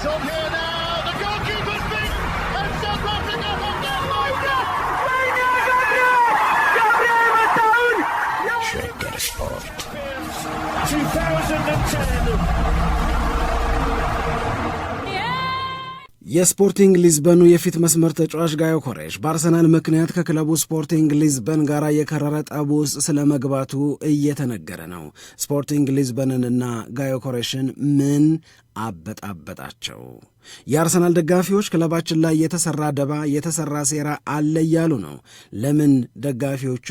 It's on here now. The goalkeeper's and South Africa የስፖርቲንግ ሊዝበኑ የፊት መስመር ተጫዋች ጋዮ ኮሬሽ በአርሰናል ምክንያት ከክለቡ ስፖርቲንግ ሊዝበን ጋር የከረረ ጠብ ውስጥ ስለ መግባቱ እየተነገረ ነው። ስፖርቲንግ ሊዝበንንና ጋዮ ኮሬሽን ምን አበጣበጣቸው። የአርሰናል ደጋፊዎች ክለባችን ላይ የተሰራ ደባ የተሰራ ሴራ አለ እያሉ ነው። ለምን ደጋፊዎቹ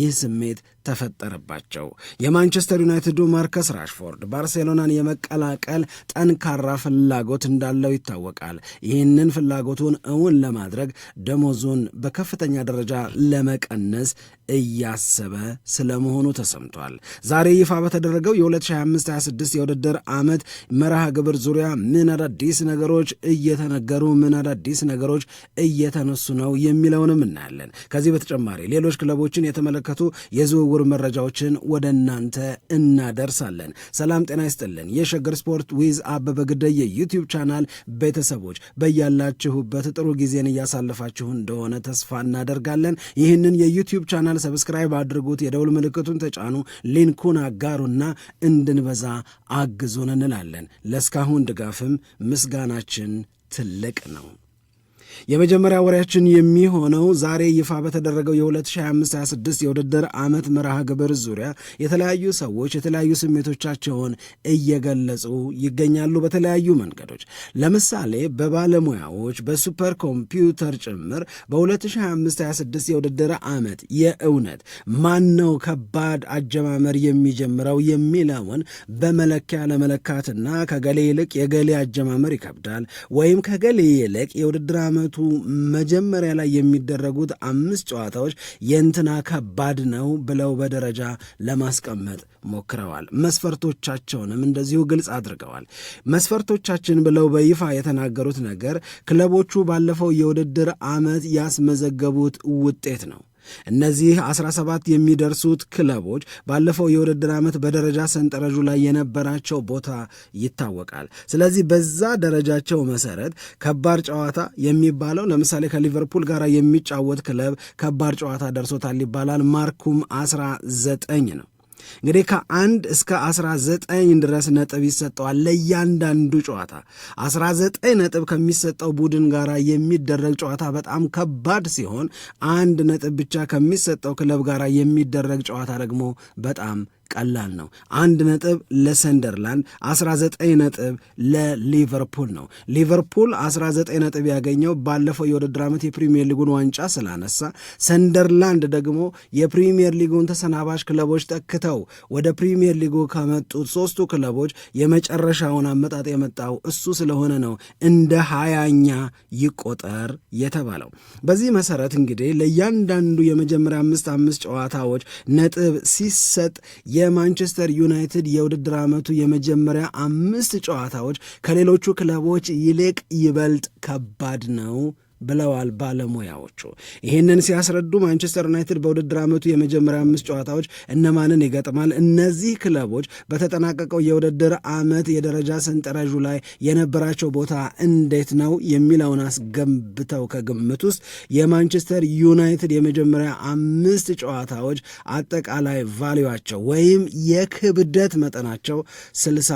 ይህ ስሜት ተፈጠረባቸው? የማንቸስተር ዩናይትዱ ማርከስ ራሽፎርድ ባርሴሎናን የመቀላቀል ጠንካራ ፍላጎት እንዳለው ይታወቃል። ይህንን ፍላጎቱን እውን ለማድረግ ደሞዙን በከፍተኛ ደረጃ ለመቀነስ እያሰበ ስለመሆኑ ተሰምቷል። ዛሬ ይፋ በተደረገው የ2025/26 የውድድር ዓመት መርሃ ግብር ዙሪያ ምን አዳዲስ ነገሮች ነገሮች እየተነገሩ ምን አዳዲስ ነገሮች እየተነሱ ነው የሚለውንም እናያለን። ከዚህ በተጨማሪ ሌሎች ክለቦችን የተመለከቱ የዝውውር መረጃዎችን ወደ እናንተ እናደርሳለን። ሰላም ጤና ይስጥልን። የሸገር ስፖርት ዊዝ አበበ ግደይ የዩቲዩብ ቻናል ቤተሰቦች በያላችሁበት ጥሩ ጊዜን እያሳለፋችሁ እንደሆነ ተስፋ እናደርጋለን። ይህንን የዩቲዩብ ቻናል ሰብስክራይብ አድርጉት፣ የደውል ምልክቱን ተጫኑ፣ ሊንኩን አጋሩና እንድንበዛ አግዙን እንላለን። ለእስካሁን ድጋፍም ምስጋናችን ሀገራችን ትልቅ ነው። የመጀመሪያ ወሬያችን የሚሆነው ዛሬ ይፋ በተደረገው የ2025/26 የውድድር ዓመት መርሃ ግብር ዙሪያ የተለያዩ ሰዎች የተለያዩ ስሜቶቻቸውን እየገለጹ ይገኛሉ። በተለያዩ መንገዶች ለምሳሌ በባለሙያዎች በሱፐር ኮምፒውተር ጭምር በ2025/26 የውድድር ዓመት የእውነት ማን ነው ከባድ አጀማመር የሚጀምረው የሚለውን በመለኪያ ለመለካትና ከገሌ ይልቅ የገሌ አጀማመር ይከብዳል ወይም ከገሌ ይልቅ የውድድር ዓመቱ በሳምንቱ መጀመሪያ ላይ የሚደረጉት አምስት ጨዋታዎች የእንትና ከባድ ነው ብለው በደረጃ ለማስቀመጥ ሞክረዋል። መስፈርቶቻቸውንም እንደዚሁ ግልጽ አድርገዋል። መስፈርቶቻችን ብለው በይፋ የተናገሩት ነገር ክለቦቹ ባለፈው የውድድር ዓመት ያስመዘገቡት ውጤት ነው። እነዚህ 17 የሚደርሱት ክለቦች ባለፈው የውድድር ዓመት በደረጃ ሰንጠረዡ ላይ የነበራቸው ቦታ ይታወቃል። ስለዚህ በዛ ደረጃቸው መሰረት ከባድ ጨዋታ የሚባለው ለምሳሌ ከሊቨርፑል ጋር የሚጫወት ክለብ ከባድ ጨዋታ ደርሶታል ይባላል። ማርኩም 19 ነው። እንግዲህ ከአንድ እስከ 19 ድረስ ነጥብ ይሰጠዋል ለእያንዳንዱ ጨዋታ 19 ነጥብ ከሚሰጠው ቡድን ጋር የሚደረግ ጨዋታ በጣም ከባድ ሲሆን አንድ ነጥብ ብቻ ከሚሰጠው ክለብ ጋር የሚደረግ ጨዋታ ደግሞ በጣም ቀላል ነው። አንድ ነጥብ ለሰንደርላንድ 19 ነጥብ ለሊቨርፑል ነው። ሊቨርፑል 19 ነጥብ ያገኘው ባለፈው የውድድር ዓመት የፕሪምየር ሊጉን ዋንጫ ስላነሳ፣ ሰንደርላንድ ደግሞ የፕሪምየር ሊጉን ተሰናባሽ ክለቦች ተክተው ወደ ፕሪምየር ሊጉ ከመጡት ሶስቱ ክለቦች የመጨረሻውን አመጣጥ የመጣው እሱ ስለሆነ ነው እንደ ሀያኛ ይቆጠር የተባለው። በዚህ መሰረት እንግዲህ ለእያንዳንዱ የመጀመሪያ አምስት አምስት ጨዋታዎች ነጥብ ሲሰጥ የማንቸስተር ዩናይትድ የውድድር ዓመቱ የመጀመሪያ አምስት ጨዋታዎች ከሌሎቹ ክለቦች ይልቅ ይበልጥ ከባድ ነው ብለዋል ባለሙያዎቹ። ይህንን ሲያስረዱ ማንቸስተር ዩናይትድ በውድድር ዓመቱ የመጀመሪያ አምስት ጨዋታዎች እነማንን ይገጥማል? እነዚህ ክለቦች በተጠናቀቀው የውድድር ዓመት የደረጃ ሰንጠረዡ ላይ የነበራቸው ቦታ እንዴት ነው የሚለውን አስገንብተው ከግምት ውስጥ የማንቸስተር ዩናይትድ የመጀመሪያ አምስት ጨዋታዎች አጠቃላይ ቫሊዋቸው ወይም የክብደት መጠናቸው ስልሳ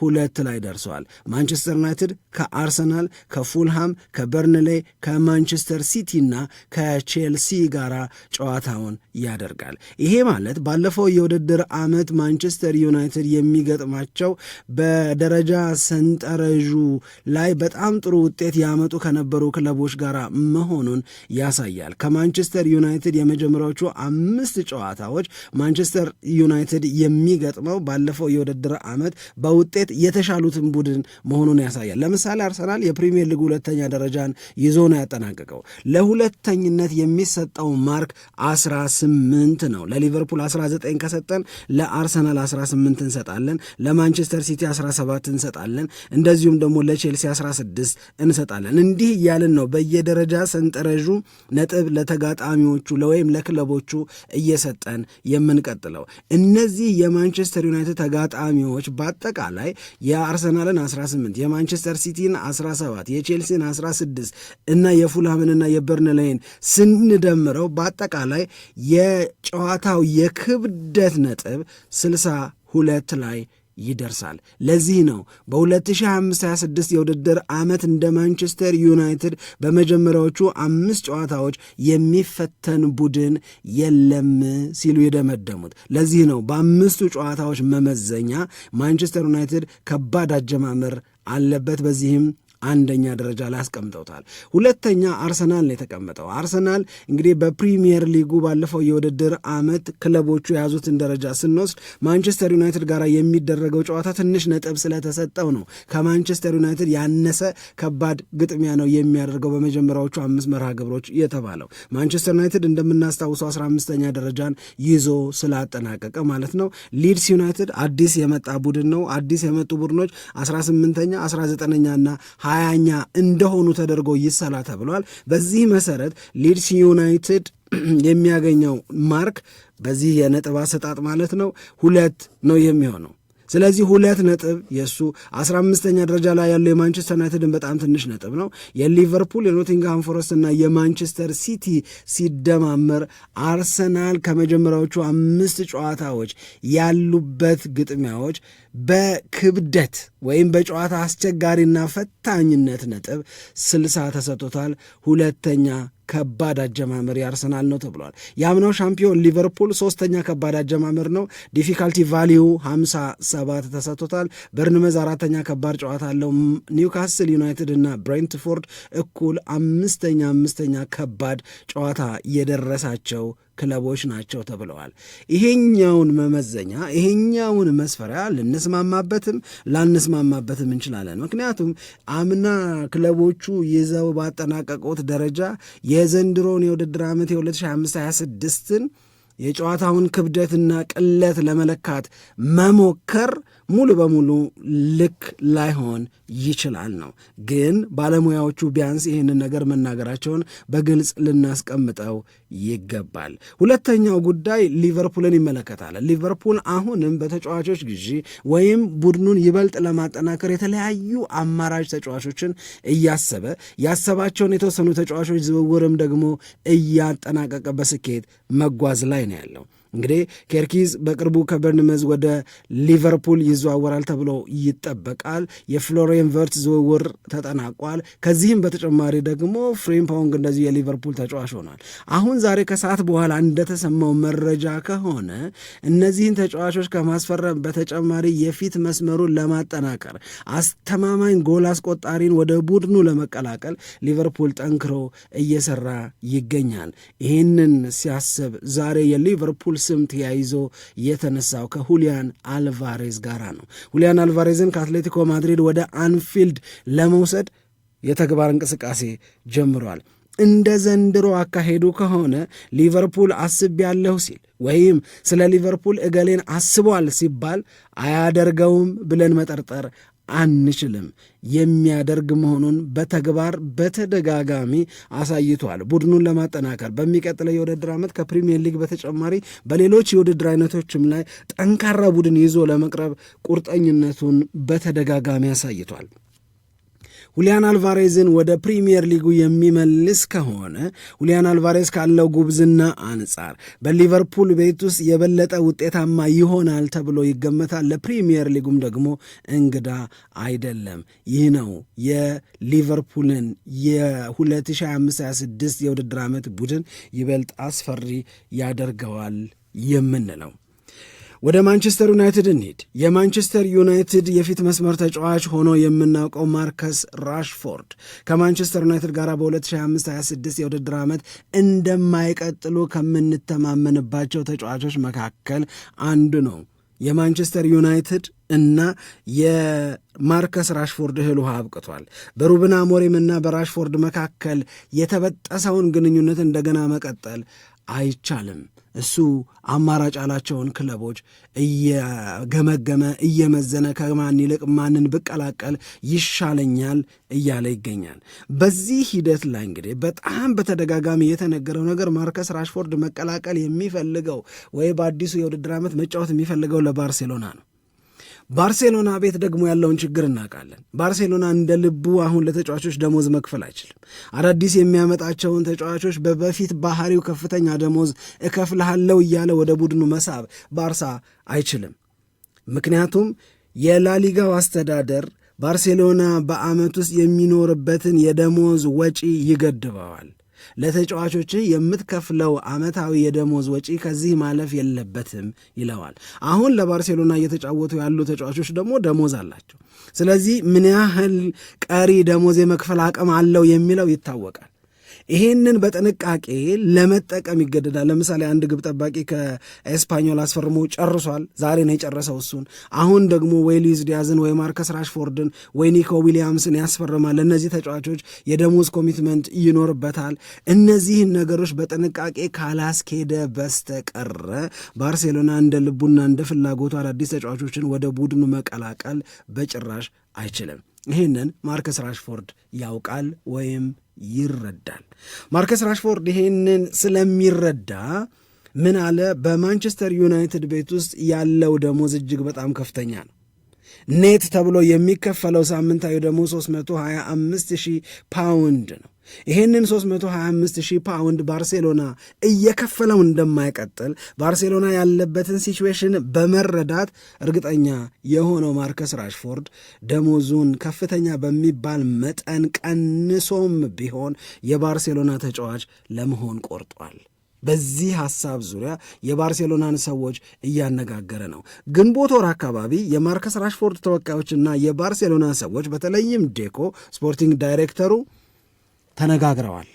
ሁለት ላይ ደርሰዋል። ማንቸስተር ዩናይትድ ከአርሰናል፣ ከፉልሃም፣ ከበርንሌ፣ ከማንቸስተር ሲቲና ከቼልሲ ጋር ጨዋታውን ያደርጋል። ይሄ ማለት ባለፈው የውድድር ዓመት ማንቸስተር ዩናይትድ የሚገጥማቸው በደረጃ ሰንጠረዡ ላይ በጣም ጥሩ ውጤት ያመጡ ከነበሩ ክለቦች ጋር መሆኑን ያሳያል። ከማንቸስተር ዩናይትድ የመጀመሪያዎቹ አምስት ጨዋታዎች ማንቸስተር ዩናይትድ የሚገጥመው ባለፈው የውድድር ዓመት በውጤት በመመልከት የተሻሉትን ቡድን መሆኑን ያሳያል። ለምሳሌ አርሰናል የፕሪሚየር ሊግ ሁለተኛ ደረጃን ይዞ ነው ያጠናቀቀው። ለሁለተኝነት የሚሰጠው ማርክ 18 ነው። ለሊቨርፑል 19 ከሰጠን ለአርሰናል 18 እንሰጣለን። ለማንቸስተር ሲቲ 17 እንሰጣለን። እንደዚሁም ደግሞ ለቼልሲ 16 እንሰጣለን። እንዲህ እያልን ነው በየደረጃ ሰንጠረዡ ነጥብ ለተጋጣሚዎቹ ለወይም ለክለቦቹ እየሰጠን የምንቀጥለው። እነዚህ የማንቸስተር ዩናይትድ ተጋጣሚዎች በአጠቃላይ የአርሰናልን 18 የማንቸስተር ሲቲን 17 የቼልሲን 16 እና የፉልሃምንና የበርንላይን ስንደምረው በአጠቃላይ የጨዋታው የክብደት ነጥብ 62 ላይ ይደርሳል። ለዚህ ነው በ2025/26 የውድድር ዓመት እንደ ማንቸስተር ዩናይትድ በመጀመሪያዎቹ አምስት ጨዋታዎች የሚፈተን ቡድን የለም ሲሉ የደመደሙት። ለዚህ ነው በአምስቱ ጨዋታዎች መመዘኛ ማንቸስተር ዩናይትድ ከባድ አጀማመር አለበት። በዚህም አንደኛ ደረጃ ላይ አስቀምጠውታል። ሁለተኛ አርሰናል ነው የተቀመጠው። አርሰናል እንግዲህ በፕሪሚየር ሊጉ ባለፈው የውድድር ዓመት ክለቦቹ የያዙትን ደረጃ ስንወስድ ማንቸስተር ዩናይትድ ጋር የሚደረገው ጨዋታ ትንሽ ነጥብ ስለተሰጠው ነው ከማንቸስተር ዩናይትድ ያነሰ ከባድ ግጥሚያ ነው የሚያደርገው በመጀመሪያዎቹ አምስት መርሃ ግብሮች የተባለው ማንቸስተር ዩናይትድ እንደምናስታውሰው አስራ አምስተኛ ደረጃን ይዞ ስላጠናቀቀ ማለት ነው። ሊድስ ዩናይትድ አዲስ የመጣ ቡድን ነው። አዲስ የመጡ ቡድኖች አስራ ስምንተኛ አስራ ዘጠነኛና ሀያኛ እንደሆኑ ተደርጎ ይሰላ ተብሏል። በዚህ መሰረት ሊድስ ዩናይትድ የሚያገኘው ማርክ በዚህ የነጥብ አሰጣጥ ማለት ነው ሁለት ነው የሚሆነው። ስለዚህ ሁለት ነጥብ የእሱ አስራ አምስተኛ ደረጃ ላይ ያለው የማንቸስተር ዩናይትድን በጣም ትንሽ ነጥብ ነው። የሊቨርፑል የኖቲንግሃም ፎረስት እና የማንቸስተር ሲቲ ሲደማመር አርሰናል ከመጀመሪያዎቹ አምስት ጨዋታዎች ያሉበት ግጥሚያዎች በክብደት ወይም በጨዋታ አስቸጋሪና ፈታኝነት ነጥብ ስልሳ ተሰጥቶታል። ሁለተኛ ከባድ አጀማመር ያርሰናል ነው ተብሏል። የአምናው ሻምፒዮን ሊቨርፑል ሶስተኛ ከባድ አጀማመር ነው። ዲፊካልቲ ቫሊዩ 57 ተሰጥቶታል። በርንመዝ አራተኛ ከባድ ጨዋታ አለው። ኒውካስል ዩናይትድ እና ብሬንትፎርድ እኩል አምስተኛ አምስተኛ ከባድ ጨዋታ የደረሳቸው ክለቦች ናቸው ተብለዋል። ይሄኛውን መመዘኛ ይሄኛውን መስፈሪያ ልንስማማበትም ላንስማማበትም እንችላለን። ምክንያቱም አምና ክለቦቹ ይዘው ባጠናቀቁት ደረጃ የዘንድሮን የውድድር ዓመት የ2025/26ን የጨዋታውን ክብደትና ቅለት ለመለካት መሞከር ሙሉ በሙሉ ልክ ላይሆን ይችላል ነው። ግን ባለሙያዎቹ ቢያንስ ይህንን ነገር መናገራቸውን በግልጽ ልናስቀምጠው ይገባል። ሁለተኛው ጉዳይ ሊቨርፑልን ይመለከታል። ሊቨርፑል አሁንም በተጫዋቾች ግዢ ወይም ቡድኑን ይበልጥ ለማጠናከር የተለያዩ አማራጭ ተጫዋቾችን እያሰበ ያሰባቸውን የተወሰኑ ተጫዋቾች ዝውውርም ደግሞ እያጠናቀቀ በስኬት መጓዝ ላይ ነው ያለው። እንግዲህ ኬርኪዝ በቅርቡ ከበርንመዝ ወደ ሊቨርፑል ይዘዋወራል ተብሎ ይጠበቃል። የፍሎሬን ቨርት ዝውውር ተጠናቋል። ከዚህም በተጨማሪ ደግሞ ፍሪምፓንግ እንደዚሁ የሊቨርፑል ተጫዋች ሆኗል። አሁን ዛሬ ከሰዓት በኋላ እንደተሰማው መረጃ ከሆነ እነዚህን ተጫዋቾች ከማስፈረም በተጨማሪ የፊት መስመሩን ለማጠናከር አስተማማኝ ጎል አስቆጣሪን ወደ ቡድኑ ለመቀላቀል ሊቨርፑል ጠንክሮ እየሰራ ይገኛል። ይህንን ሲያስብ ዛሬ የሊቨርፑል ስም ተያይዞ የተነሳው ከሁሊያን አልቫሬዝ ጋር ነው። ሁሊያን አልቫሬዝን ከአትሌቲኮ ማድሪድ ወደ አንፊልድ ለመውሰድ የተግባር እንቅስቃሴ ጀምሯል። እንደ ዘንድሮ አካሄዱ ከሆነ ሊቨርፑል አስቤያለሁ ሲል ወይም ስለ ሊቨርፑል እገሌን አስቧል ሲባል አያደርገውም ብለን መጠርጠር አንችልም የሚያደርግ መሆኑን በተግባር በተደጋጋሚ አሳይቷል። ቡድኑን ለማጠናከር በሚቀጥለው የውድድር ዓመት ከፕሪሚየር ሊግ በተጨማሪ በሌሎች የውድድር አይነቶችም ላይ ጠንካራ ቡድን ይዞ ለመቅረብ ቁርጠኝነቱን በተደጋጋሚ አሳይቷል። ሁሊያን አልቫሬዝን ወደ ፕሪምየር ሊጉ የሚመልስ ከሆነ ሁሊያን አልቫሬዝ ካለው ጉብዝና አንጻር በሊቨርፑል ቤት ውስጥ የበለጠ ውጤታማ ይሆናል ተብሎ ይገመታል። ለፕሪምየር ሊጉም ደግሞ እንግዳ አይደለም። ይህ ነው የሊቨርፑልን የ2025/26 የውድድር ዓመት ቡድን ይበልጥ አስፈሪ ያደርገዋል የምንለው። ወደ ማንቸስተር ዩናይትድ እንሂድ። የማንቸስተር ዩናይትድ የፊት መስመር ተጫዋች ሆኖ የምናውቀው ማርከስ ራሽፎርድ ከማንቸስተር ዩናይትድ ጋር በ2025/26 የውድድር ዓመት እንደማይቀጥሉ ከምንተማመንባቸው ተጫዋቾች መካከል አንዱ ነው። የማንቸስተር ዩናይትድ እና የማርከስ ራሽፎርድ እህል ውሃ አብቅቷል። በሩብን አሞሪም በራሽፎርድ መካከል የተበጠሰውን ግንኙነት እንደገና መቀጠል አይቻልም። እሱ አማራጭ ያላቸውን ክለቦች እየገመገመ እየመዘነ ከማን ይልቅ ማንን ብቀላቀል ይሻለኛል እያለ ይገኛል። በዚህ ሂደት ላይ እንግዲህ በጣም በተደጋጋሚ የተነገረው ነገር ማርከስ ራሽፎርድ መቀላቀል የሚፈልገው ወይ በአዲሱ የውድድር ዓመት መጫወት የሚፈልገው ለባርሴሎና ነው። ባርሴሎና ቤት ደግሞ ያለውን ችግር እናውቃለን። ባርሴሎና እንደ ልቡ አሁን ለተጫዋቾች ደሞዝ መክፈል አይችልም። አዳዲስ የሚያመጣቸውን ተጫዋቾች በበፊት ባህሪው ከፍተኛ ደሞዝ እከፍልሃለው እያለ ወደ ቡድኑ መሳብ ባርሳ አይችልም። ምክንያቱም የላሊጋው አስተዳደር ባርሴሎና በዓመት ውስጥ የሚኖርበትን የደሞዝ ወጪ ይገድበዋል። ለተጫዋቾች የምትከፍለው ዓመታዊ የደሞዝ ወጪ ከዚህ ማለፍ የለበትም ይለዋል። አሁን ለባርሴሎና እየተጫወቱ ያሉ ተጫዋቾች ደግሞ ደሞዝ አላቸው። ስለዚህ ምን ያህል ቀሪ ደሞዝ የመክፈል አቅም አለው የሚለው ይታወቃል። ይሄንን በጥንቃቄ ለመጠቀም ይገደዳል። ለምሳሌ አንድ ግብ ጠባቂ ከኤስፓኞል አስፈርሞ ጨርሷል። ዛሬ ነው የጨረሰው። እሱን አሁን ደግሞ ወይ ዲያዝን ወይ ማርከስ ራሽፎርድን ወይ ኒኮ ዊሊያምስን ያስፈርማል። ለእነዚህ ተጫዋቾች የደሞዝ ኮሚትመንት ይኖርበታል። እነዚህን ነገሮች በጥንቃቄ ካላስኬደ በስተቀረ ባርሴሎና እንደ ልቡና እንደ ፍላጎቱ አዳዲስ ተጫዋቾችን ወደ ቡድኑ መቀላቀል በጭራሽ አይችልም። ይህንን ማርከስ ራሽፎርድ ያውቃል ወይም ይረዳል። ማርከስ ራሽፎርድ ይሄንን ስለሚረዳ ምን አለ? በማንቸስተር ዩናይትድ ቤት ውስጥ ያለው ደሞዝ እጅግ በጣም ከፍተኛ ነው። ኔት ተብሎ የሚከፈለው ሳምንታዊ ደግሞ 325 ሺህ ፓውንድ ነው። ይሄንን 325 ሺህ ፓውንድ ባርሴሎና እየከፈለው እንደማይቀጥል ባርሴሎና ያለበትን ሲችዌሽን በመረዳት እርግጠኛ የሆነው ማርከስ ራሽፎርድ ደሞዙን ከፍተኛ በሚባል መጠን ቀንሶም ቢሆን የባርሴሎና ተጫዋች ለመሆን ቆርጧል። በዚህ ሐሳብ ዙሪያ የባርሴሎናን ሰዎች እያነጋገረ ነው። ግንቦት ወር አካባቢ የማርከስ ራሽፎርድ ተወካዮችና የባርሴሎና ሰዎች በተለይም ዴኮ ስፖርቲንግ ዳይሬክተሩ ተነጋግረዋል።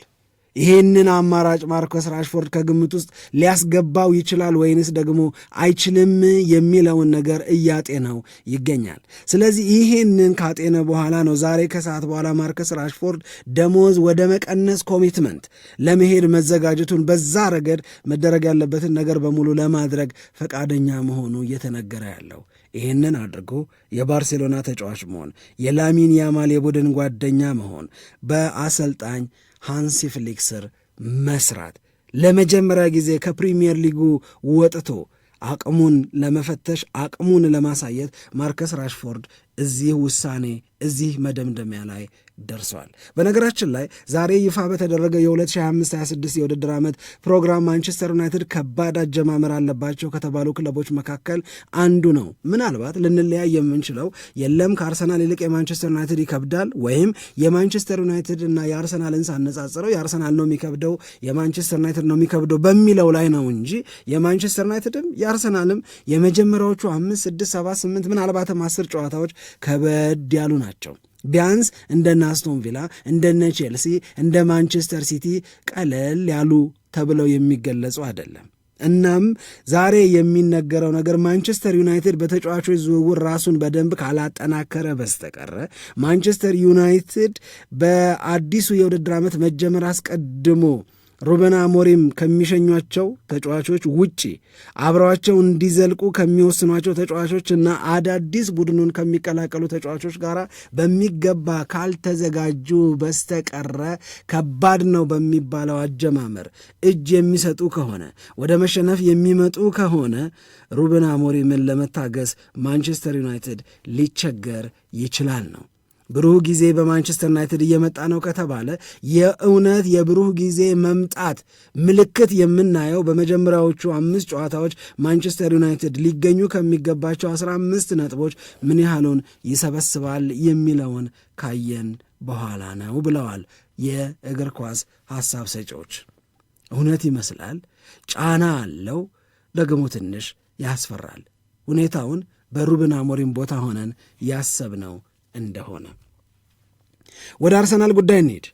ይህንን አማራጭ ማርከስ ራሽፎርድ ከግምት ውስጥ ሊያስገባው ይችላል ወይንስ ደግሞ አይችልም የሚለውን ነገር እያጤነው ይገኛል። ስለዚህ ይህንን ካጤነ በኋላ ነው ዛሬ ከሰዓት በኋላ ማርከስ ራሽፎርድ ደሞዝ ወደ መቀነስ ኮሚትመንት ለመሄድ መዘጋጀቱን፣ በዛ ረገድ መደረግ ያለበትን ነገር በሙሉ ለማድረግ ፈቃደኛ መሆኑ እየተነገረ ያለው ይህንን አድርጎ የባርሴሎና ተጫዋች መሆን፣ የላሚን ያማል የቡድን ጓደኛ መሆን፣ በአሰልጣኝ ሃንሲ ፍሊክ ስር መስራት ለመጀመሪያ ጊዜ ከፕሪሚየር ሊጉ ወጥቶ አቅሙን ለመፈተሽ አቅሙን ለማሳየት ማርከስ ራሽፎርድ እዚህ ውሳኔ እዚህ መደምደሚያ ላይ ደርሰዋል። በነገራችን ላይ ዛሬ ይፋ በተደረገ የ2025/26 የውድድር ዓመት ፕሮግራም ማንቸስተር ዩናይትድ ከባድ አጀማመር አለባቸው ከተባሉ ክለቦች መካከል አንዱ ነው። ምናልባት ልንለያይ የምንችለው የለም ከአርሰናል ይልቅ የማንቸስተር ዩናይትድ ይከብዳል ወይም የማንቸስተር ዩናይትድ እና የአርሰናልን ሳነጻጽረው የአርሰናል ነው የሚከብደው የማንቸስተር ዩናይትድ ነው የሚከብደው በሚለው ላይ ነው እንጂ የማንቸስተር ዩናይትድም የአርሰናልም የመጀመሪያዎቹ አምስት ስድስት ሰባት ስምንት ምናልባትም አስር ጨዋታዎች ከበድ ያሉ ናቸው። ቢያንስ እንደነ አስቶን ቪላ እንደነ ቼልሲ እንደ ማንቸስተር ሲቲ ቀለል ያሉ ተብለው የሚገለጹ አይደለም። እናም ዛሬ የሚነገረው ነገር ማንቸስተር ዩናይትድ በተጫዋቾች ዝውውር ራሱን በደንብ ካላጠናከረ በስተቀረ ማንቸስተር ዩናይትድ በአዲሱ የውድድር ዓመት መጀመር አስቀድሞ ሩበን አሞሪም ከሚሸኟቸው ተጫዋቾች ውጪ አብረዋቸው እንዲዘልቁ ከሚወስኗቸው ተጫዋቾች እና አዳዲስ ቡድኑን ከሚቀላቀሉ ተጫዋቾች ጋር በሚገባ ካልተዘጋጁ በስተቀረ ከባድ ነው በሚባለው አጀማመር እጅ የሚሰጡ ከሆነ ወደ መሸነፍ የሚመጡ ከሆነ ሩበን አሞሪምን ለመታገስ ማንቸስተር ዩናይትድ ሊቸገር ይችላል ነው ብሩህ ጊዜ በማንቸስተር ዩናይትድ እየመጣ ነው ከተባለ የእውነት የብሩህ ጊዜ መምጣት ምልክት የምናየው በመጀመሪያዎቹ አምስት ጨዋታዎች ማንቸስተር ዩናይትድ ሊገኙ ከሚገባቸው አስራ አምስት ነጥቦች ምን ያህሉን ይሰበስባል የሚለውን ካየን በኋላ ነው ብለዋል የእግር ኳስ ሀሳብ ሰጪዎች። እውነት ይመስላል። ጫና አለው፣ ደግሞ ትንሽ ያስፈራል። ሁኔታውን በሩበን አሞሪም ቦታ ሆነን ያሰብነው እንደሆነ ወደ አርሰናል ጉዳይ እንሄድ።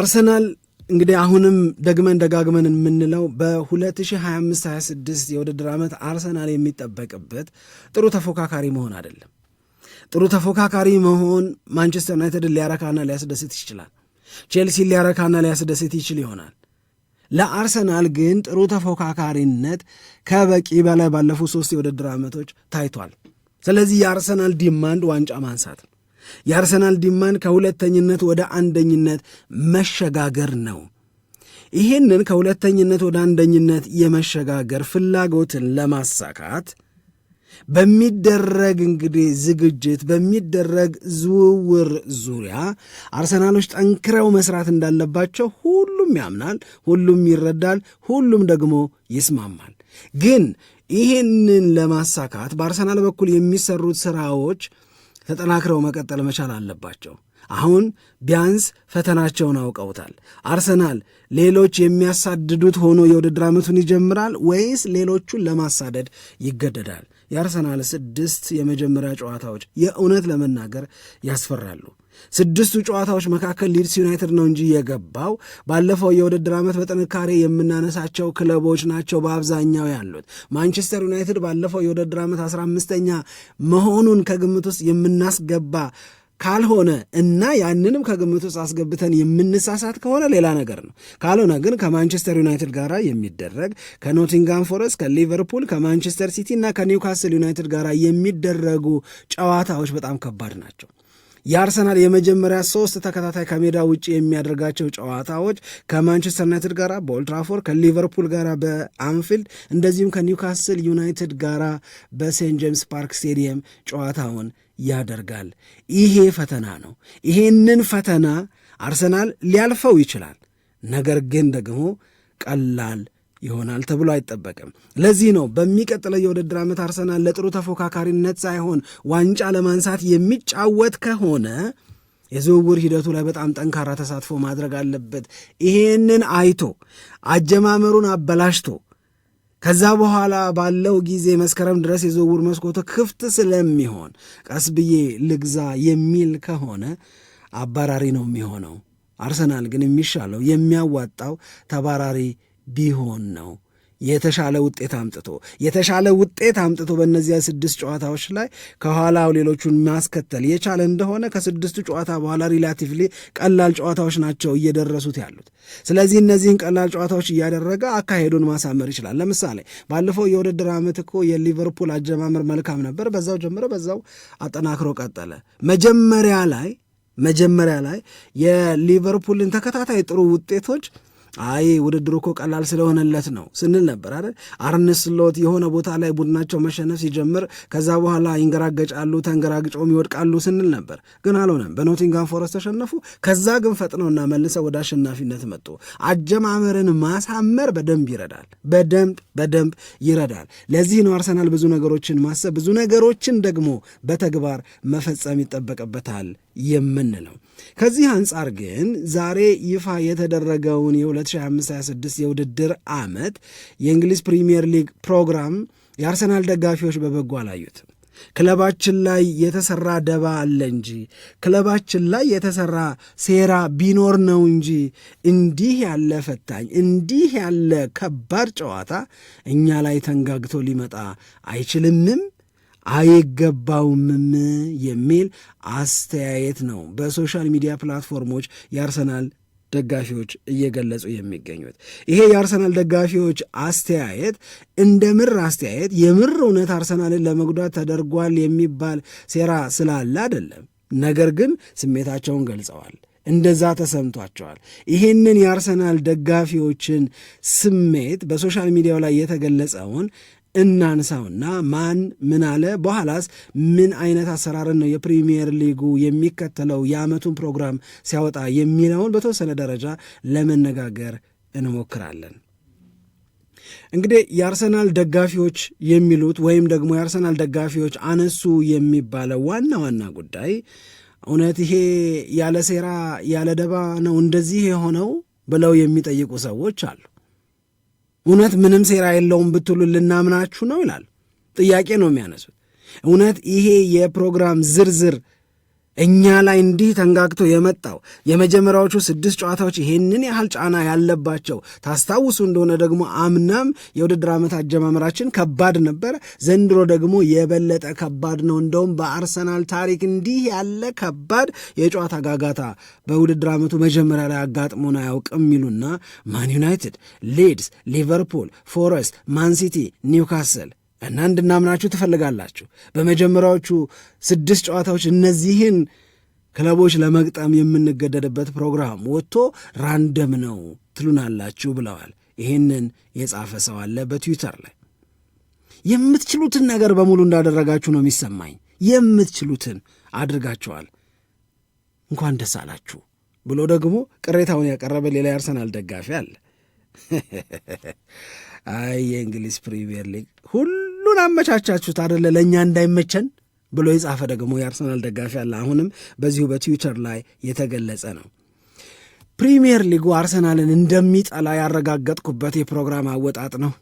አርሰናል እንግዲህ አሁንም ደግመን ደጋግመን የምንለው በ2025/26 የውድድር ዓመት አርሰናል የሚጠበቅበት ጥሩ ተፎካካሪ መሆን አይደለም። ጥሩ ተፎካካሪ መሆን ማንቸስተር ዩናይትድን ሊያረካና ሊያስደስት ይችላል። ቼልሲን ሊያረካና ሊያስደስት ይችል ይሆናል። ለአርሰናል ግን ጥሩ ተፎካካሪነት ከበቂ በላይ ባለፉት ሶስት የውድድር ዓመቶች ታይቷል። ስለዚህ የአርሰናል ዲማንድ ዋንጫ ማንሳት ነው። የአርሰናል ዲማን ከሁለተኝነት ወደ አንደኝነት መሸጋገር ነው። ይህንን ከሁለተኝነት ወደ አንደኝነት የመሸጋገር ፍላጎትን ለማሳካት በሚደረግ እንግዲህ ዝግጅት በሚደረግ ዝውውር ዙሪያ አርሰናሎች ጠንክረው መስራት እንዳለባቸው ሁሉም ያምናል፣ ሁሉም ይረዳል፣ ሁሉም ደግሞ ይስማማል። ግን ይህንን ለማሳካት በአርሰናል በኩል የሚሰሩት ስራዎች ተጠናክረው መቀጠል መቻል አለባቸው። አሁን ቢያንስ ፈተናቸውን አውቀውታል። አርሰናል ሌሎች የሚያሳድዱት ሆኖ የውድድር ዓመቱን ይጀምራል ወይስ ሌሎቹን ለማሳደድ ይገደዳል? የአርሰናል ስድስት የመጀመሪያ ጨዋታዎች የእውነት ለመናገር ያስፈራሉ። ስድስቱ ጨዋታዎች መካከል ሊድስ ዩናይትድ ነው እንጂ የገባው። ባለፈው የውድድር ዓመት በጥንካሬ የምናነሳቸው ክለቦች ናቸው በአብዛኛው ያሉት። ማንቸስተር ዩናይትድ ባለፈው የውድድር ዓመት አስራ አምስተኛ መሆኑን ከግምት ውስጥ የምናስገባ ካልሆነ እና ያንንም ከግምት ውስጥ አስገብተን የምንሳሳት ከሆነ ሌላ ነገር ነው። ካልሆነ ግን ከማንቸስተር ዩናይትድ ጋር የሚደረግ ከኖቲንጋም ፎረስት፣ ከሊቨርፑል፣ ከማንቸስተር ሲቲ እና ከኒውካስል ዩናይትድ ጋር የሚደረጉ ጨዋታዎች በጣም ከባድ ናቸው። የአርሰናል የመጀመሪያ ሶስት ተከታታይ ከሜዳ ውጭ የሚያደርጋቸው ጨዋታዎች ከማንቸስተር ዩናይትድ ጋር በኦልትራፎርድ ከሊቨርፑል ጋር በአንፊልድ እንደዚሁም ከኒውካስል ዩናይትድ ጋር በሴንት ጄምስ ፓርክ ስቴዲየም ጨዋታውን ያደርጋል። ይሄ ፈተና ነው። ይሄንን ፈተና አርሰናል ሊያልፈው ይችላል። ነገር ግን ደግሞ ቀላል ይሆናል ተብሎ አይጠበቅም። ለዚህ ነው በሚቀጥለው የውድድር ዓመት አርሰናል ለጥሩ ተፎካካሪነት ሳይሆን ዋንጫ ለማንሳት የሚጫወት ከሆነ የዝውውር ሂደቱ ላይ በጣም ጠንካራ ተሳትፎ ማድረግ አለበት። ይሄንን አይቶ አጀማመሩን አበላሽቶ ከዛ በኋላ ባለው ጊዜ መስከረም ድረስ የዝውውር መስኮቱ ክፍት ስለሚሆን ቀስ ብዬ ልግዛ የሚል ከሆነ አባራሪ ነው የሚሆነው። አርሰናል ግን የሚሻለው የሚያዋጣው ተባራሪ ቢሆን ነው የተሻለ ውጤት አምጥቶ የተሻለ ውጤት አምጥቶ በእነዚያ ስድስት ጨዋታዎች ላይ ከኋላው ሌሎቹን ማስከተል የቻለ እንደሆነ ከስድስቱ ጨዋታ በኋላ ሪላቲቭሊ ቀላል ጨዋታዎች ናቸው እየደረሱት ያሉት። ስለዚህ እነዚህን ቀላል ጨዋታዎች እያደረገ አካሄዱን ማሳመር ይችላል። ለምሳሌ ባለፈው የውድድር ዓመት እኮ የሊቨርፑል አጀማመር መልካም ነበር። በዛው ጀምሮ በዛው አጠናክሮ ቀጠለ። መጀመሪያ ላይ መጀመሪያ ላይ የሊቨርፑልን ተከታታይ ጥሩ ውጤቶች አይ ውድድሩ እኮ ቀላል ስለሆነለት ነው ስንል ነበር አይደል? አርነ ስሎት የሆነ ቦታ ላይ ቡድናቸው መሸነፍ ሲጀምር ከዛ በኋላ ይንገራገጫሉ፣ ተንገራግጨውም ይወድቃሉ ስንል ነበር። ግን አልሆነም። በኖቲንጋም ፎረስት ተሸነፉ። ከዛ ግን ፈጥነውና መልሰው ወደ አሸናፊነት መጡ። አጀማመርን ማሳመር በደንብ ይረዳል፣ በደንብ በደንብ ይረዳል። ለዚህ ነው አርሰናል ብዙ ነገሮችን ማሰብ ብዙ ነገሮችን ደግሞ በተግባር መፈጸም ይጠበቅበታል የምንለው። ከዚህ አንጻር ግን ዛሬ ይፋ የተደረገውን የ2025/26 የውድድር ዓመት የእንግሊዝ ፕሪምየር ሊግ ፕሮግራም የአርሰናል ደጋፊዎች በበጎ አላዩት። ክለባችን ላይ የተሰራ ደባ አለ እንጂ ክለባችን ላይ የተሰራ ሴራ ቢኖር ነው እንጂ እንዲህ ያለ ፈታኝ እንዲህ ያለ ከባድ ጨዋታ እኛ ላይ ተንጋግቶ ሊመጣ አይችልምም አይገባውምም የሚል አስተያየት ነው በሶሻል ሚዲያ ፕላትፎርሞች የአርሰናል ደጋፊዎች እየገለጹ የሚገኙት። ይሄ የአርሰናል ደጋፊዎች አስተያየት እንደ ምር አስተያየት የምር እውነት አርሰናልን ለመጉዳት ተደርጓል የሚባል ሴራ ስላለ አይደለም። ነገር ግን ስሜታቸውን ገልጸዋል። እንደዛ ተሰምቷቸዋል። ይህንን የአርሰናል ደጋፊዎችን ስሜት በሶሻል ሚዲያው ላይ የተገለጸውን እናንሳውና ማን ምን አለ፣ በኋላስ ምን አይነት አሰራርን ነው የፕሪሚየር ሊጉ የሚከተለው የአመቱን ፕሮግራም ሲያወጣ የሚለውን በተወሰነ ደረጃ ለመነጋገር እንሞክራለን። እንግዲህ የአርሰናል ደጋፊዎች የሚሉት ወይም ደግሞ የአርሰናል ደጋፊዎች አነሱ የሚባለው ዋና ዋና ጉዳይ እውነት ይሄ ያለ ሴራ ያለ ደባ ነው እንደዚህ የሆነው ብለው የሚጠይቁ ሰዎች አሉ። እውነት ምንም ሴራ የለውም ብትሉ ልናምናችሁ ነው ይላሉ ጥያቄ ነው የሚያነሱት። እውነት ይሄ የፕሮግራም ዝርዝር እኛ ላይ እንዲህ ተንጋግቶ የመጣው የመጀመሪያዎቹ ስድስት ጨዋታዎች ይህንን ያህል ጫና ያለባቸው ታስታውሱ እንደሆነ ደግሞ አምናም የውድድር ዓመት አጀማመራችን ከባድ ነበር። ዘንድሮ ደግሞ የበለጠ ከባድ ነው። እንደውም በአርሰናል ታሪክ እንዲህ ያለ ከባድ የጨዋታ ጋጋታ በውድድር ዓመቱ መጀመሪያ ላይ አጋጥሞን አያውቅም የሚሉና ማን ዩናይትድ፣ ሊድስ፣ ሊቨርፑል፣ ፎረስት፣ ማንሲቲ፣ ኒውካስል እና እንድናምናችሁ ትፈልጋላችሁ። በመጀመሪያዎቹ ስድስት ጨዋታዎች እነዚህን ክለቦች ለመግጠም የምንገደድበት ፕሮግራም ወጥቶ ራንደም ነው ትሉናላችሁ ብለዋል። ይህንን የጻፈ ሰው አለ በትዊተር ላይ። የምትችሉትን ነገር በሙሉ እንዳደረጋችሁ ነው የሚሰማኝ። የምትችሉትን አድርጋችኋል፣ እንኳን ደስ አላችሁ ብሎ ደግሞ ቅሬታውን ያቀረበ ሌላ የአርሰናል ደጋፊ አለ። አይ የእንግሊዝ ፕሪሚየር ሊግ ሁሉ ሁሉን አመቻቻችሁት አደለ ለእኛ እንዳይመቸን ብሎ የጻፈ ደግሞ የአርሰናል ደጋፊ አለ። አሁንም በዚሁ በትዊተር ላይ የተገለጸ ነው። ፕሪምየር ሊጉ አርሰናልን እንደሚጠላ ያረጋገጥኩበት የፕሮግራም አወጣጥ ነው።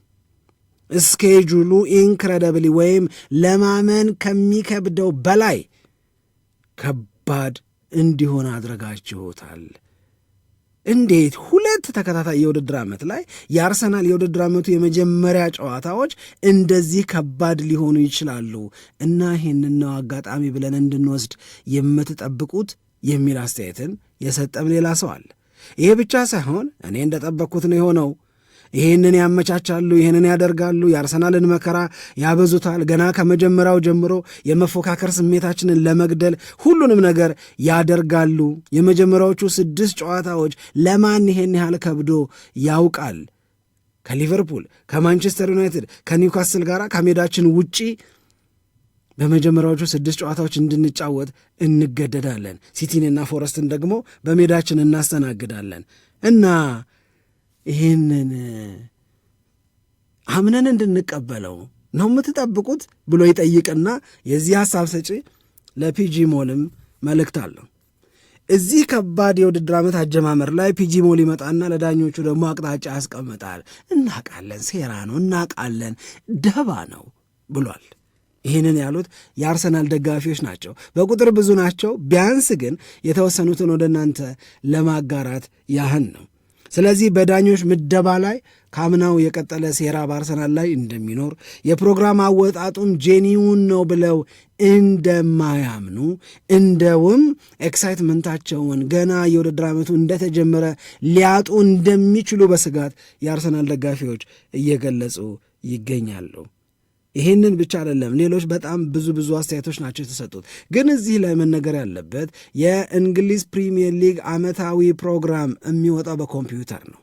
እስኬጁሉ ኢንክረደብሊ ወይም ለማመን ከሚከብደው በላይ ከባድ እንዲሆን አድርጋችሁታል። እንዴት ሁለት ተከታታይ የውድድር ዓመት ላይ የአርሰናል የውድድር ዓመቱ የመጀመሪያ ጨዋታዎች እንደዚህ ከባድ ሊሆኑ ይችላሉ? እና ይህንን ነው አጋጣሚ ብለን እንድንወስድ የምትጠብቁት የሚል አስተያየትን የሰጠም ሌላ ሰው አለ። ይሄ ብቻ ሳይሆን እኔ እንደጠበቅኩት ነው የሆነው ይህንን ያመቻቻሉ፣ ይህንን ያደርጋሉ፣ የአርሰናልን መከራ ያበዙታል። ገና ከመጀመሪያው ጀምሮ የመፎካከር ስሜታችንን ለመግደል ሁሉንም ነገር ያደርጋሉ። የመጀመሪያዎቹ ስድስት ጨዋታዎች ለማን ይሄን ያህል ከብዶ ያውቃል? ከሊቨርፑል፣ ከማንቸስተር ዩናይትድ፣ ከኒውካስል ጋር ከሜዳችን ውጪ በመጀመሪያዎቹ ስድስት ጨዋታዎች እንድንጫወት እንገደዳለን። ሲቲንና ፎረስትን ደግሞ በሜዳችን እናስተናግዳለን እና ይህንን አምነን እንድንቀበለው ነው የምትጠብቁት ብሎ ይጠይቅና የዚህ ሐሳብ ሰጪ ለፒጂ ሞልም መልእክት አለው። እዚህ ከባድ የውድድር ዓመት አጀማመር ላይ ፒጂ ሞል ይመጣና ለዳኞቹ ደግሞ አቅጣጫ ያስቀምጣል። እናቃለን፣ ሴራ ነው፣ እናቃለን፣ ደባ ነው ብሏል። ይህንን ያሉት የአርሰናል ደጋፊዎች ናቸው። በቁጥር ብዙ ናቸው። ቢያንስ ግን የተወሰኑትን ወደ እናንተ ለማጋራት ያህን ነው። ስለዚህ በዳኞች ምደባ ላይ ካምናው የቀጠለ ሴራ በአርሰናል ላይ እንደሚኖር የፕሮግራም አወጣጡም ጄኒውን ነው ብለው እንደማያምኑ እንደውም ኤክሳይትመንታቸውን ገና የውድድር ዓመቱ እንደተጀመረ ሊያጡ እንደሚችሉ በስጋት የአርሰናል ደጋፊዎች እየገለጹ ይገኛሉ። ይሄንን ብቻ አይደለም፣ ሌሎች በጣም ብዙ ብዙ አስተያየቶች ናቸው የተሰጡት። ግን እዚህ ላይ መነገር ያለበት የእንግሊዝ ፕሪሚየር ሊግ ዓመታዊ ፕሮግራም የሚወጣው በኮምፒውተር ነው።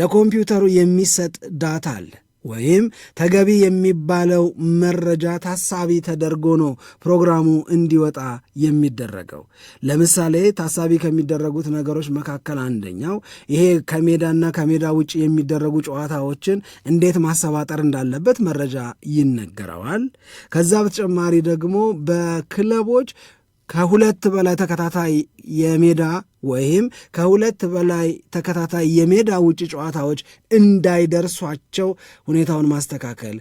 ለኮምፒውተሩ የሚሰጥ ዳታ አለ። ወይም ተገቢ የሚባለው መረጃ ታሳቢ ተደርጎ ነው ፕሮግራሙ እንዲወጣ የሚደረገው። ለምሳሌ ታሳቢ ከሚደረጉት ነገሮች መካከል አንደኛው ይሄ ከሜዳና ከሜዳ ውጭ የሚደረጉ ጨዋታዎችን እንዴት ማሰባጠር እንዳለበት መረጃ ይነገረዋል። ከዛ በተጨማሪ ደግሞ በክለቦች ከሁለት በላይ ተከታታይ የሜዳ ወይም ከሁለት በላይ ተከታታይ የሜዳ ውጭ ጨዋታዎች እንዳይደርሷቸው ሁኔታውን ማስተካከል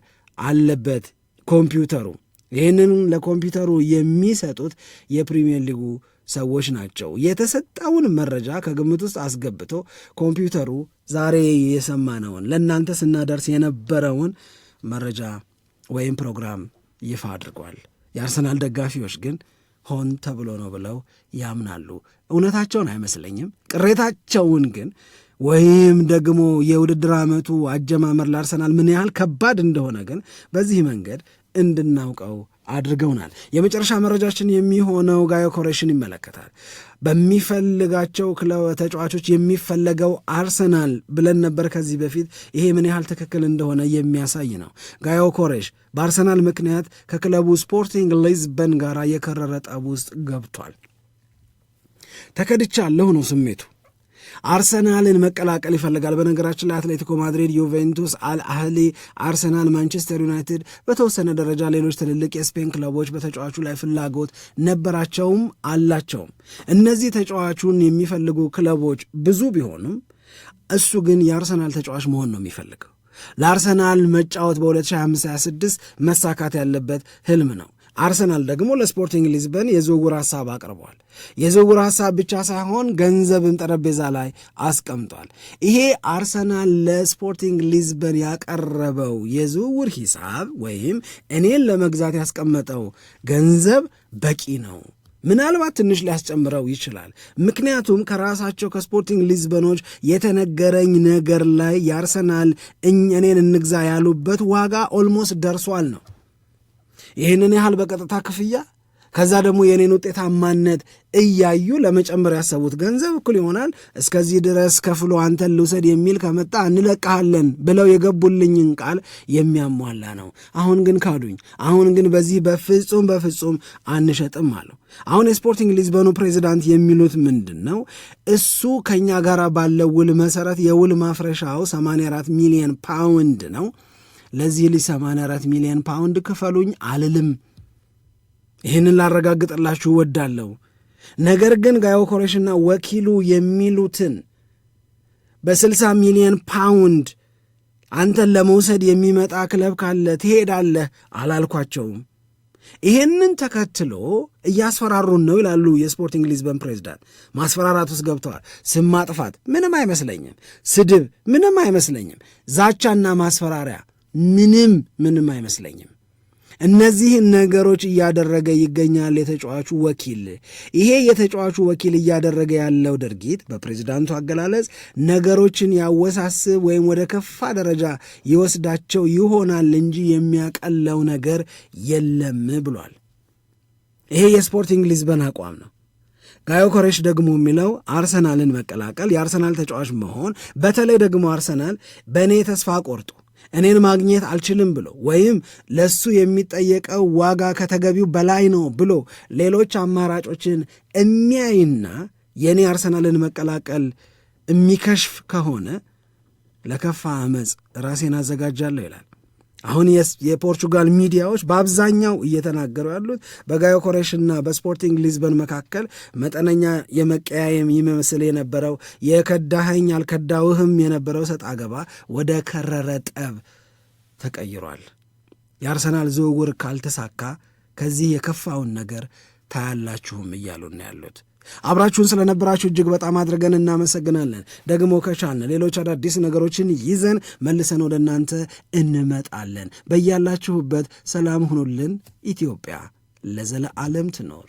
አለበት ኮምፒውተሩ። ይህንን ለኮምፒውተሩ የሚሰጡት የፕሪሚየር ሊጉ ሰዎች ናቸው። የተሰጠውን መረጃ ከግምት ውስጥ አስገብቶ ኮምፒውተሩ ዛሬ የሰማነውን ለእናንተ ስናደርስ የነበረውን መረጃ ወይም ፕሮግራም ይፋ አድርጓል። የአርሰናል ደጋፊዎች ግን ሆን ተብሎ ነው ብለው ያምናሉ። እውነታቸውን አይመስለኝም። ቅሬታቸውን ግን ወይም ደግሞ የውድድር ዓመቱ አጀማመር ላርሰናል ምን ያህል ከባድ እንደሆነ ግን በዚህ መንገድ እንድናውቀው አድርገውናል። የመጨረሻ መረጃችን የሚሆነው ጋዮ ኮሬሽን ይመለከታል። በሚፈልጋቸው ተጫዋቾች የሚፈለገው አርሰናል ብለን ነበር ከዚህ በፊት። ይሄ ምን ያህል ትክክል እንደሆነ የሚያሳይ ነው። ጋዮ ኮሬሽ በአርሰናል ምክንያት ከክለቡ ስፖርቲንግ ሊዝበን ጋር የከረረ ጠብ ውስጥ ገብቷል። ተከድቻለሁ ነው ስሜቱ አርሰናልን መቀላቀል ይፈልጋል። በነገራችን ላይ አትሌቲኮ ማድሪድ፣ ዩቬንቱስ፣ አልአህሊ፣ አርሰናል፣ ማንቸስተር ዩናይትድ በተወሰነ ደረጃ ሌሎች ትልልቅ የስፔን ክለቦች በተጫዋቹ ላይ ፍላጎት ነበራቸውም አላቸውም። እነዚህ ተጫዋቹን የሚፈልጉ ክለቦች ብዙ ቢሆኑም እሱ ግን የአርሰናል ተጫዋች መሆን ነው የሚፈልገው። ለአርሰናል መጫወት በ2025/26 መሳካት ያለበት ህልም ነው። አርሰናል ደግሞ ለስፖርቲንግ ሊዝበን የዝውውር ሀሳብ አቅርቧል። የዝውውር ሀሳብ ብቻ ሳይሆን ገንዘብም ጠረጴዛ ላይ አስቀምጧል። ይሄ አርሰናል ለስፖርቲንግ ሊዝበን ያቀረበው የዝውውር ሂሳብ ወይም እኔን ለመግዛት ያስቀመጠው ገንዘብ በቂ ነው። ምናልባት ትንሽ ሊያስጨምረው ይችላል። ምክንያቱም ከራሳቸው ከስፖርቲንግ ሊዝበኖች የተነገረኝ ነገር ላይ የአርሰናል እኔን እንግዛ ያሉበት ዋጋ ኦልሞስት ደርሷል ነው ይህንን ያህል በቀጥታ ክፍያ ከዛ ደግሞ የእኔን ውጤታማነት እያዩ ለመጨመር ያሰቡት ገንዘብ እኩል ይሆናል፣ እስከዚህ ድረስ ከፍሎ አንተን ልውሰድ የሚል ከመጣ እንለቅሃለን ብለው የገቡልኝን ቃል የሚያሟላ ነው። አሁን ግን ካዱኝ፣ አሁን ግን በዚህ በፍጹም በፍጹም አንሸጥም አለው። አሁን የስፖርቲንግ ሊዝበኑ ፕሬዚዳንት የሚሉት ምንድን ነው? እሱ ከእኛ ጋር ባለው ውል መሰረት የውል ማፍረሻው 84 ሚሊዮን ፓውንድ ነው። ለዚህ ልጅ 84 ሚሊዮን ፓውንድ ክፈሉኝ አልልም። ይህንን ላረጋግጥላችሁ እወዳለሁ። ነገር ግን ጋዮ ኮሬሽና ወኪሉ የሚሉትን በ60 ሚሊዮን ፓውንድ አንተን ለመውሰድ የሚመጣ ክለብ ካለ ትሄዳለህ አላልኳቸውም። ይሄንን ተከትሎ እያስፈራሩን ነው ይላሉ የስፖርቲንግ ሊዝበን ፕሬዚዳንት። ማስፈራራት ውስጥ ገብተዋል። ስም ማጥፋት ምንም አይመስለኝም፣ ስድብ ምንም አይመስለኝም። ዛቻና ማስፈራሪያ ምንም ምንም አይመስለኝም። እነዚህን ነገሮች እያደረገ ይገኛል የተጫዋቹ ወኪል። ይሄ የተጫዋቹ ወኪል እያደረገ ያለው ድርጊት በፕሬዚዳንቱ አገላለጽ ነገሮችን ያወሳስብ ወይም ወደ ከፋ ደረጃ ይወስዳቸው ይሆናል እንጂ የሚያቀለው ነገር የለም ብሏል። ይሄ የስፖርቲንግ ሊዝበን አቋም ነው። ጋዮ ኮሬሽ ደግሞ የሚለው አርሰናልን መቀላቀል፣ የአርሰናል ተጫዋች መሆን፣ በተለይ ደግሞ አርሰናል በእኔ ተስፋ ቆርጡ እኔን ማግኘት አልችልም ብሎ ወይም ለሱ የሚጠየቀው ዋጋ ከተገቢው በላይ ነው ብሎ ሌሎች አማራጮችን የሚያይና የእኔ አርሰናልን መቀላቀል የሚከሽፍ ከሆነ ለከፋ አመፅ ራሴን አዘጋጃለሁ ይላል። አሁን የፖርቹጋል ሚዲያዎች በአብዛኛው እየተናገሩ ያሉት በጋዮ ኮሬሽና በስፖርቲንግ ሊዝበን መካከል መጠነኛ የመቀያየም ይመስል የነበረው የከዳኸኝ አልከዳውህም የነበረው ሰጥ አገባ ወደ ከረረ ጠብ ተቀይሯል። የአርሰናል ዝውውር ካልተሳካ ከዚህ የከፋውን ነገር ታያላችሁም እያሉና ያሉት አብራችሁን ስለነበራችሁ እጅግ በጣም አድርገን እናመሰግናለን። ደግሞ ከቻልን ሌሎች አዳዲስ ነገሮችን ይዘን መልሰን ወደ እናንተ እንመጣለን። በያላችሁበት ሰላም ሁኑልን። ኢትዮጵያ ለዘለዓለም ትኖር።